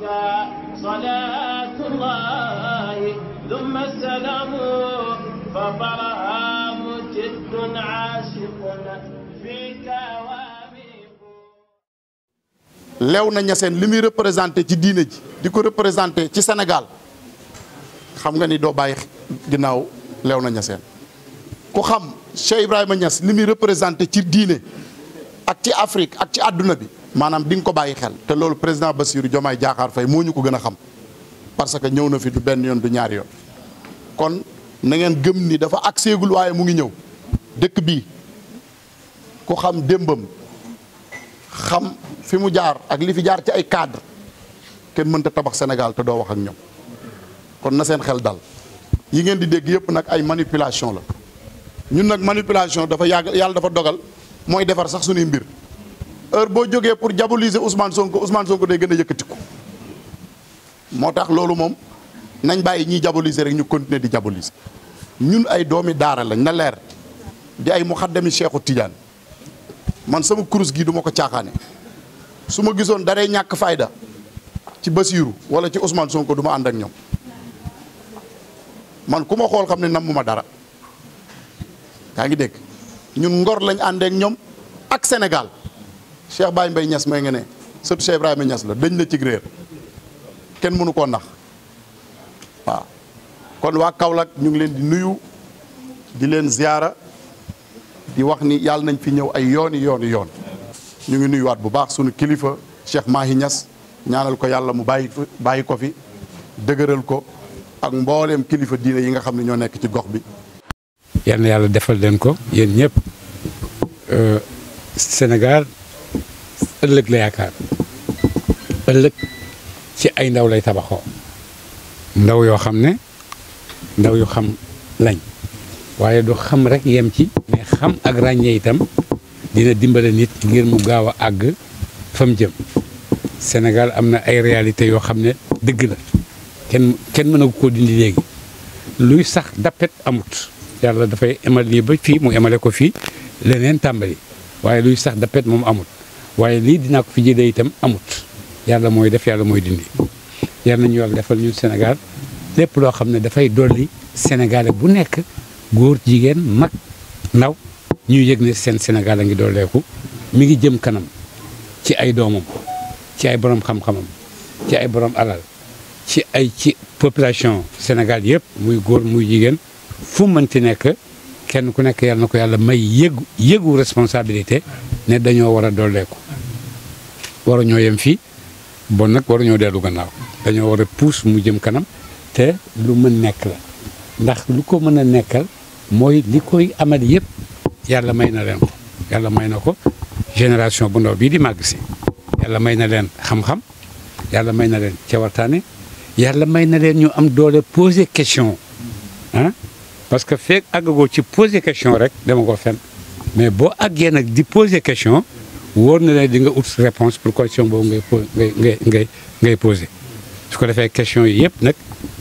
صلاة na ñaseen li muy représenté ci diine ji di ko représenté ci Sénégal xam nga ni doo bàyyi ginnaaw lew na ñaseen ku xam Cheikh Ibrahima ñas li muy représenté ci diiné ak ci Afrique ak ci àdduna bi maanaam di nga ko bàyyi xel te loolu président Bassirou Diomaye Diakhar Faye moo ñu ko gën a xam parce que ñëw na fi du benn yoon du ñaari yoon kon na ngeen gëm ni dafa agseegul waaye mu ngi ñëw dëkk bii ku xam démbam xam fi mu jaar ak li fi jaar ci ay cadre kenn mënta tabax Sénégal te doo wax ak ñoom kon na seen xel dal yi ngeen di dégg yëpp nag ay manipulation la ñun nag manipulation dafa yàgg yàlla dafa dogal mooy defar sax suñuy mbir heure boo jógee pour diaboliser Ousmane Sonko Ousmane Sonko day gën a yëkkatiku moo tax loolu moom nañ bàyyi ñiy diaboliser rek ñu continuer di diaboliser ñun ay doomi daara lañ na leer di ay muxaddami Cheikhu Tidiane man sama kurus gi duma ko caaxaane su ma gisoon daree ñàkk fayda ci Basiiru wala ci Ousmane Sonko du ma ànd ak ñoom man ku ma xool xam ne namm ma dara kaa ngi dégg ñun ngor lañ àndeek ñoom ak Sénégal Cheikh Baye mbay Niass mooy nga ne sëtu Cheikh Ibrahima Niass la dañ la cig kenn mënu koo nax waaw kon waa Kaolack ñu ngi leen di nuyu di leen ziyaara di wax ni yàlla nañ fi ñëw ay yooni yooni yoon ñu ngi nuyuwaat bu baax sunu kilifa Cheikh Mahi ñas ñaanal ko yàlla mu bàyyi bàyyi ko fi dëgëral ko ak mbooleem kilifa diine yi nga xam ne ñoo nekk ci gox bi. yal na yàlla defal leen ko yéen ñëpp euh, Sénégal. ëllëg la yaakaar ëllëg ci ay ndaw lay tabaxoo ndaw yoo xam ne ndaw yu xam lañ waaye du xam rek yem ci mais xam ak ràññee itam dina dimbale nit ngir mu gaaw a àgg fam jëm Sénégal am na ay réalités yoo xam ne dëgg la kenn kenn mënagu koo dindi léegi luy sax dappet amut yàlla dafay emal lii ba fii mu emale ko fii leneen tàmbali waaye luy sax dappet moom amut waaye lii dinaa ko fi jëlee itam amut yàlla mooy def yàlla mooy dindi yàlla nañu yàlla defal ñu Sénégal lépp loo xam ne dafay dolli sénégalais bu nekk góor jigéen mag ndaw ñu yëg ne seen Sénégal a ngi dolleeku mu ngi jëm kanam ci ay doomam ci ay borom xam-xamam ci ay borom alal ci ay ci population Sénégal yëpp muy góor muy jigéen fu mënti nekk kenn ku nekk yàlla na ko yàlla may yëgu yëgu responsabilité ne dañoo war a dooleeku ñoo yem fii bon nag waruñoo dellu gannaaw dañoo war a puus mu jëm kanam te lu mën nekk la ndax lu ko mën a nekkal mooy li koy amal yëpp yàlla may na leen ko yàlla may na ko génération bu ndaw bii di màgg si yàlla may na leen xam-xam yàlla may na leen cewartaane yàlla may na leen ñu am doole poser question ah parce que feeg àggagoo ci poser question rek dama ko fen mais boo àggee nag di poser question wóor na leen di nga ut réponse pour question boobu ngay ngay ngay ngay ngay poser su ko defee question yi yëpp nag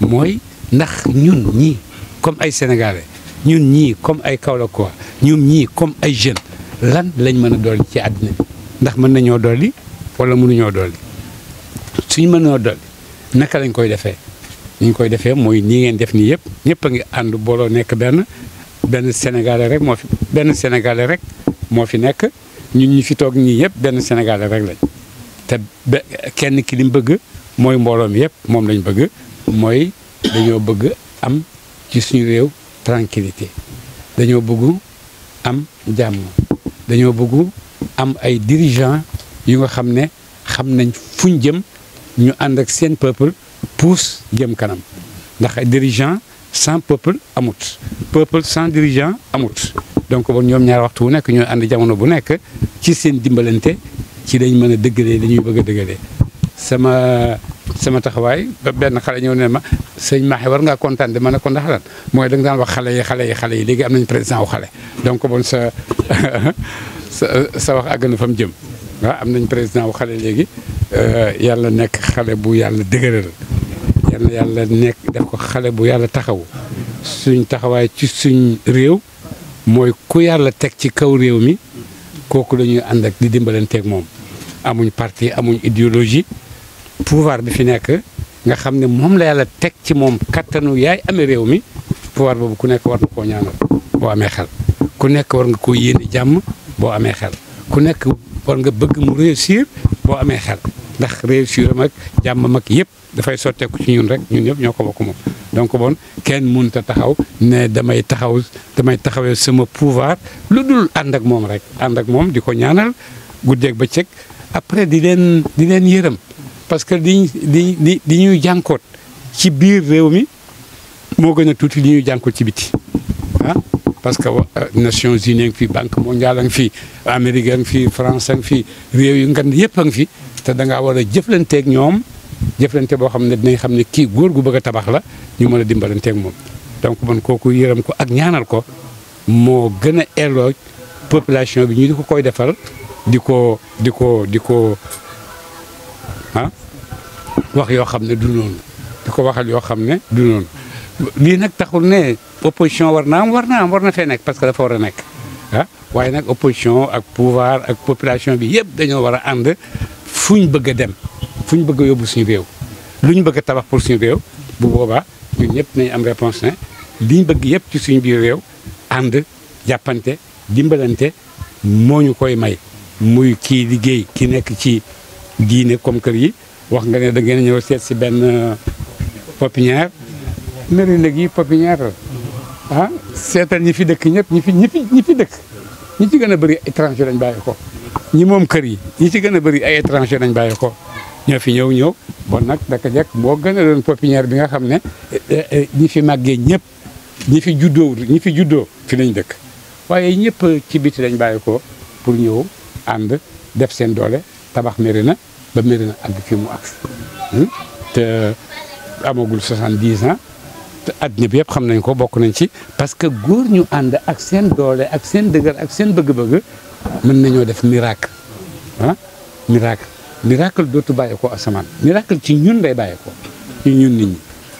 mooy ndax ñun ñii comme ay sénégalais ñun ñii comme ay kaolackois ñun ñii comme ay jeunes lan lañ mën a dolli ci àddina bi ndax mën nañoo dolli wala mënuñoo dolli suñ mënoo dolli naka lañ koy defee ni ñu koy defee mooy nii ngeen def nii yëpp ñëpp a ngi ànd booloo nekk benn benn sénégalais rek moo fi benn sénégalais rek moo fi nekk ñu ñu fi toog ñii yëpp benn sénégalais rek lañ te kenn ki li mu bëgg mooy mbooloo mi yëpp moom lañ bëgg mooy dañoo bëgg am ci suñu réew tranquillité dañoo bëgg am jàmm dañoo bëgg am ay dirigeants yu nga xam ne xam nañ fuñ jëm ñu ànd ak seen peuple pousse jëm kanam ndax ay dirigeants sans peuple amut peuple sans dirigeant amut donc bon ñoom ñaar waxtu wu nekk ñoo ànd jamono bu nekk ci seen dimbalante ci dañ mën a dëggalee dañuy bëgg a dëggalee sama sama taxawaay benn xale ñëw ne ma sëñ Mahi war ngaa kontaan de ma ne ko ndax lan mooy da daan wax xale yi xale yi xale yi léegi am nañ président wu xale donc bon sa sa sa wax àgg na fa mu jëm waaw am nañ président wu xale léegi euh, yàlla nekk xale bu yàlla dëgëral yal na yàlla nekk def ko xale bu yàlla taxaw suñ taxawaay ci suñ réew mooy ku yàlla teg ci kaw réew mi kooku lañuy ànd ak di teg moom amuñ parti amuñ idéologie pouvoir bi fi nekk nga xam ne moom la yàlla teg ci moom kàttanu yaay amee réew mi pouvoir boobu ku nekk war na koo ñaanal boo amee xel ku nekk war nga koo yéene jàmm boo amee xel ku nekk war nga bëgg mu réussir boo amee xel ndax réussir am ak jàmm ak yëpp dafay sotteeku ci ñun rek ñun ñëpp ñoo ko bokk moom. donc bon kenn mënut a taxaw ne damay taxaw damay taxawee sama pouvoir lu dul ànd ak moom rek ànd ak moom di ko ñaanal ba bëccëg après di leen di leen yërëm parce que di di di di ñuy jànkoot ci biir réew mi moo gën a tuuti di ñuy jànkoot ci biti. parce que euh, Nations Unies a ngi fi banque mondiale a ngi fi Amérique a ngi fi France a fi réew yu ngan yëpp a ngi fi te danga ngaa war a jëflanteeg ñoom jëflante boo xam ne dinañ xam ne kii góor gu bëgg a tabax la ñu mën a dimbalanteeg moom. donc man kooku yërëm ko ak ñaanal ko moo gën a éloog population bi ñu di ko koy defal di ko di ko di ko ah wax yoo xam ne du noonu di ko waxal yoo xam ne du noonu lii nag taxul ne. opposition war na am war na am war na fee nekk parce que dafa war a nekk ah waaye nag opposition ak pouvoir ak population bi yëpp dañoo war a ànd fu ñu bëgg a dem fu ñu bëgg yóbbu suñu réew lu ñu bëgg a tabax pour suñu réew bu boobaa ñun ñëpp nañ am réponse ne li ñu bëgg yëpp ci suñu biir réew ànd jàppante dimbalante moo ñu koy may muy kii liggéey ki nekk ci diine comme kër yi wax nga ne da ngeen ñëw seet si benn euh, pépinière mairie nag yi pépinière la ah seetal ñi fi dëkk ñëpp ñi fi ñi fi fi dëkk ñi ci gën a bëri étranger lañ bàyyi ko ñi moom kër yi ñi ci gën a bëri ay étranger lañ bàyyi ko ñoo fi ñëw ñëw bon nag daka jekk moo gën a doon pépinière bi nga xam ne eh, eh, eh, ñi fi màggee ñëpp ñi fi juddoo ñi fi juddoo fi lañ dëkk waaye ñëpp ci biti lañ bàyyi pour ñëw ànd def seen doole tabax Mérina ba Mérina ak fi mu àgg hmm? te amagul soixante-dix ans te adduna bi yëpp xam nañ ko bokk nañ ci parce que góor ñu ànd ak seen doole ak seen dëgër ak seen bëgg-bëgg mën nañoo def miracle ah miracle miracle dootu bàyyeekoo asamaan miracle ci ñun day bàyyeekoo ci ñun nit ñi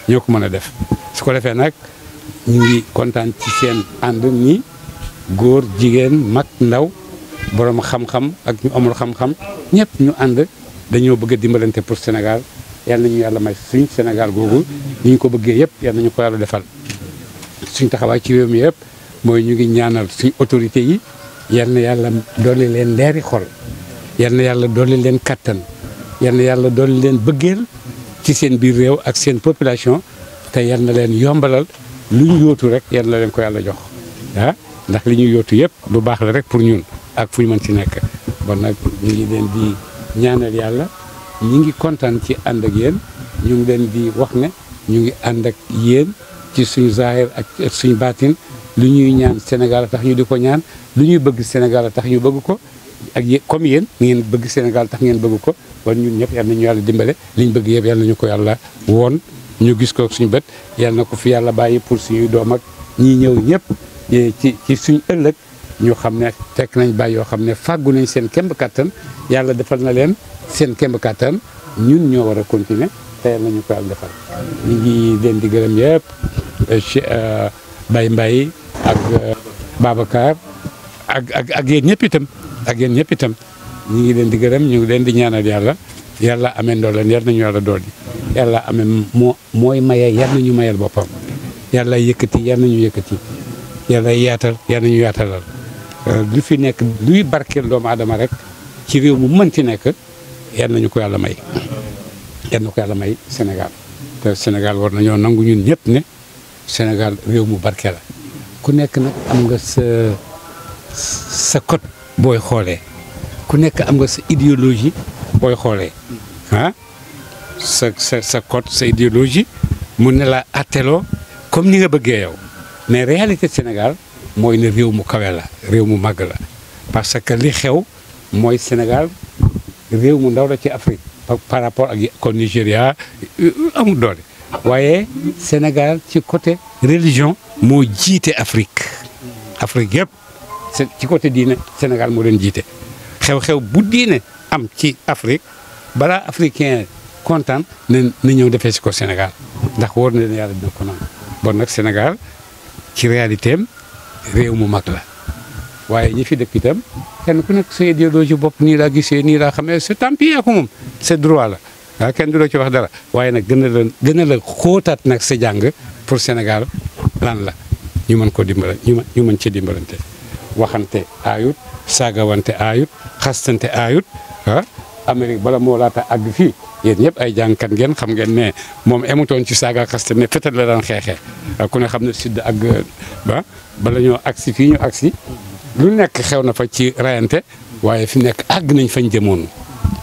ñoo ko mën a def su ko defee nag ñu ngi kontaan ci seen ànd nii góor jigéen mag ndaw borom xam-xam ak ñu amul xam-xam ñëpp ñu ànd dañoo bëgg a dimbalante pour Sénégal yal nañu yàlla may suñ Sénégal googu ni ñu ko bëggee yëpp yal ñu ko yàlla defal suñ taxawaay ci réew mi yëpp mooy ñu ngi ñaanal suñ autorité yi yal na yàlla dolli leen leeri xol yal na yàlla dolli leen kattan yal na yàlla dolli leen bëggeel ci seen biir réew ak seen population te yal na leen yombalal li ñu yóotu rek yal na leen ko yàlla jox ah ndax li ñuy yootu yëpp lu baax la rek pour ñun ak fu ñu mën ci nekk bon nag ñu ngi leen di ñaanal yàlla ñi ngi kontaan ci ànd ak yéen ñu ngi leen di wax ne ñu ngi ànd ak yéen ci suñu zahir ak suñu baatin lu ñuy ñaan Sénégal tax ñu di ko ñaan lu ñuy bëgg Sénégal tax ñu bëgg ko ak yéen comme yéen ngeen bëgg Sénégal tax ngeen bëgg ko wan ñun ñëpp yal na ñu yàlla dimbale liñ bëgg yëpp yal na ñu ko yàlla woon ñu gis ko suñu bët yal na ko fi yàlla bàyyi pour suñuy doom ak ñii ñëw ñëpp ci ci suñu ëllëg ñu xam ne fekk nañ bàyyi yoo xam ne fàggu nañ seen kemb kàttan yàlla defal na leen seen kemb kàttan ñun ñoo war a continuer te yàlla nañu ko yàlla defal ñu ngi leen di gërëm yëpp euh, euh, Baye Mbaye ak euh, Babacar ak ak ak yéen ñëpp itam ak ñëpp itam ñu ngi leen di gërëm ñu ngi leen di ñaanal yàlla yàlla amee ndoo leen yar nañu yàlla dool yi yàlla amee moo mooy maye yar nañu mayal boppam yàlla yëkkati yar nañu yëkkati yàlla yaatal yar nañu yaatalal lu euh, fi nekk luy barkeel doomu aadama rek ci réew mu mënti nekk yan nañu ko yàlla may yan na ko yàlla may Sénégal te Sénégal war nañoo nangu ñun ñëpp ne Sénégal réew mu barke la ku nekk nag am nga sa sa code booy xoolee ku nekk am nga sa idéologie booy xoolee ah sa sa sa code sa idéologie mun na la atteloo comme ni nga bëggee yow mais réalité Sénégal mooy ne réew mu kawee la réew mu màgg la parce que li xew mooy Sénégal réew mu ndaw la ci Afrique par rapport ak kon Nigéria euh, amul doole waaye Sénégal ci côté religion moo jiite Afrique Afrique yëpp ci côté diine Sénégal moo leen jiite xew-xew bu diine am ci Afrique balaa africain kontaan na ñëw defee si ko Sénégal ndax wóor na leen yàlla dina ko bon nag Sénégal ci réalité réew mu mag la waaye ñi fi dëkk itam kenn ku nekk sa idéologie bopp nii laa gisee nii laa xamee c'est tant pis ak moom c'est droit la ah kenn du la ci wax dara waaye nag gën a la gën a xóotaat nag sa jàng pour Sénégal lan la ñu mën ko dimbala ñu mën ñu mën ci dimbalante waxante aayut saagawante aayut xastante aayut ah Amérique bala moo laata àgg fii yéen ñëpp ay jàngkat ngeen xam ngeen ne moom emutoon ci saaga xaste ne fetal la daan xeexee ku ne xam ne sidd ak ba bala ñoo agsi fii ñu agsi lu nekk xew na fa ci rayante waaye fi nekk àgg nañ fañ jëmoon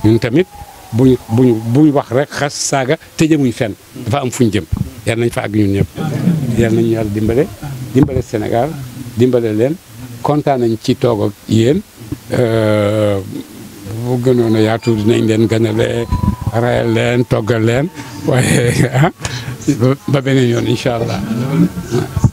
ñun tamit buñ buñ buñ wax rek xas saaga te jëmuñ fenn fuñ jëm yal nañ fa àgg ñun ñëpp yal nañu yàlla dimbale dimbale Sénégal dimbale leen kontaan nañ ci toog ak yéen euh, bu gënoon a yaatu dinañ leen gënale rayal leen toggal leen waaye ah, ba beneen yoon incha allah.